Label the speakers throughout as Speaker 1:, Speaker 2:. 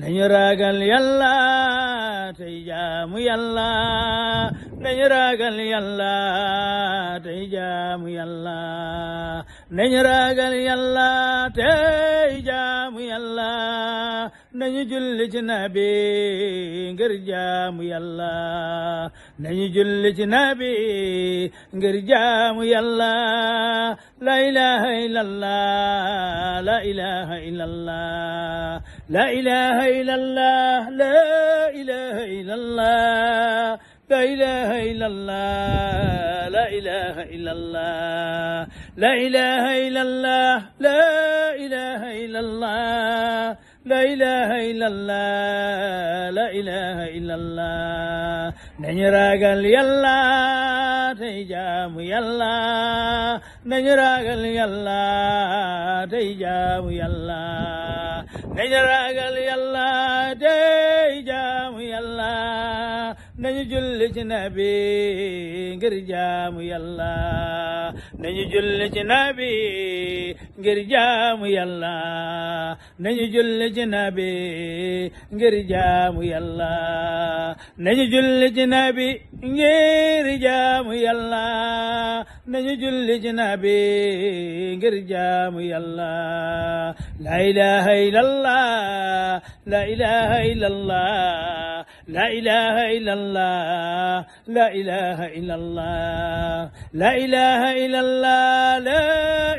Speaker 1: nañu ragal yàlla tey jaamu yàlla nañu ragal yàlla tey jaamu yàlla nañu ragal yàlla tey nañu julli ci nabi ngir jaamu yàlla nañu julli ci nabi ngir jaamu yàlla la ilaha illallah la ilaha illallah la ilaha illallah la ilaha illallah la ilaha illallah la ilaha illallah la ilaha illallah la ilaha illallah la ilaha illallah la ilaha illallah nañu ragal yàlla tey jaamu yàlla nañu ragal yàlla tey jaamu yàlla nañu ragal yàlla tey jaamu yàlla nañu julli ci nabi ngir jaamu yàlla nañu julli ci nabi ngir jaamu yàlla nañu julli ci nabi ngir jaamu yàlla nañu julli ci nabi ngir jaamu yàlla nañu julli ci nabi ngir jaamu yàlla la ilaha illallah la ilaha illallah لا إله إلا الله لا إله إلا الله لا إله إلا الله لا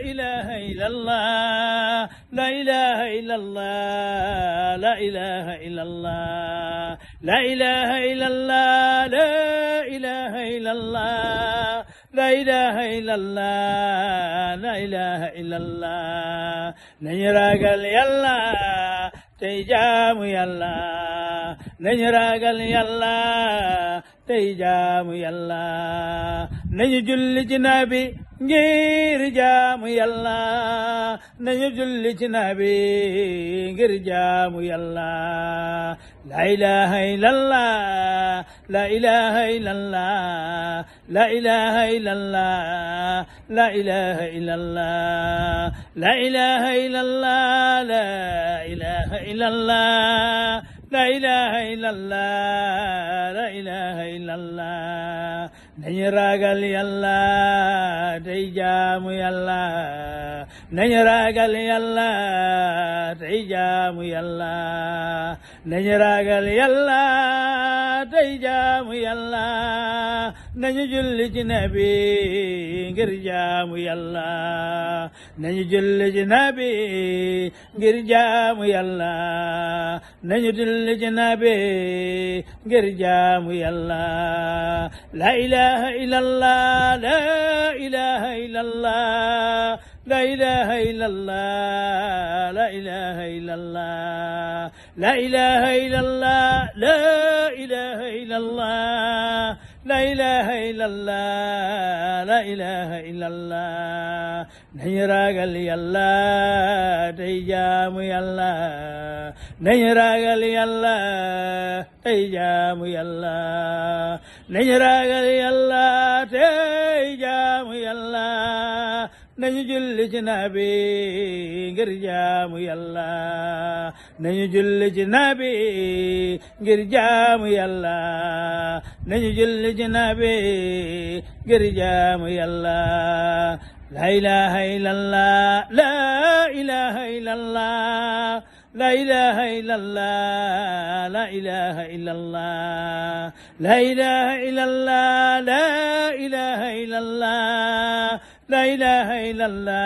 Speaker 1: إله إلا الله لا إله إلا الله لا إله إلا الله لا إله إلا الله لا إله إلا الله لا إله إلا الله لا إله إلا الله نجراك يلا تجام يلا
Speaker 2: nañu ragal yàlla
Speaker 1: tey jaamu yàlla nañu julli ci nabi ngir jaamu yàlla nañu julli ci nabi ngir jaamu la ilaha illallah la ilaha illallah la ilaha illallah la ilaha illallah la ilaha illallah la ilaha illallah la ilaha illallah nañu ragal yàlla tey jaamu yàlla nañu ragal yàlla tey jaamu yàlla nañu ragal yàlla tey jaamu yàlla nañu julli ci nabi ngir jaamu yàlla nañu julli ci nabi ngir jaamu yàlla nañu julli ci nabi ngir jaamu yàlla la ilaha illallah la ilaha illallah la ilaha illallah la ilaha illallah la ilaha illallah la ilaha illallah لا إله إلا الله لا إله إلا الله نيراغل يلا تيجام يلا نيراغل يلا تيجام يلا نيراغل يلا تيجام يلا nañu julli ci nabi ngir jaamu yàlla nañu julli ci nabi ngir jaamu yàlla nañu julli ci nabi ngir jaamu yàlla la ilaha illallah la ilaha illallah la ilaha illallah la ilaha illallah la ilaha illallah la ilaha illallah لا إله إلا الله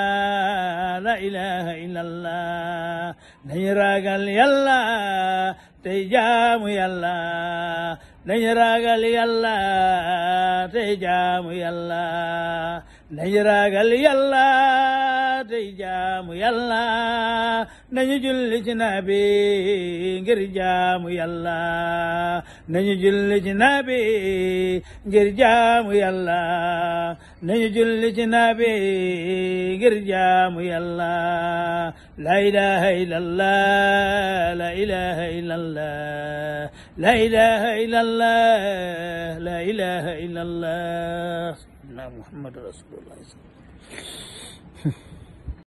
Speaker 1: لا إله إلا الله nañu ragal yàlla tey jaamu yàlla nañu ragal yàlla tey jaamu yàlla nañu ragal yàlla tey jaamu yàlla nañu julli ci nabi ngir jaamu yàlla nañu julli ci nabi ngir jaamu yàlla nañu julli ci nabi ngir jaamu yàlla la ilaha illallah la ilaha illallah la ilaha illallah la ilaha illallah na muhammad rasulullah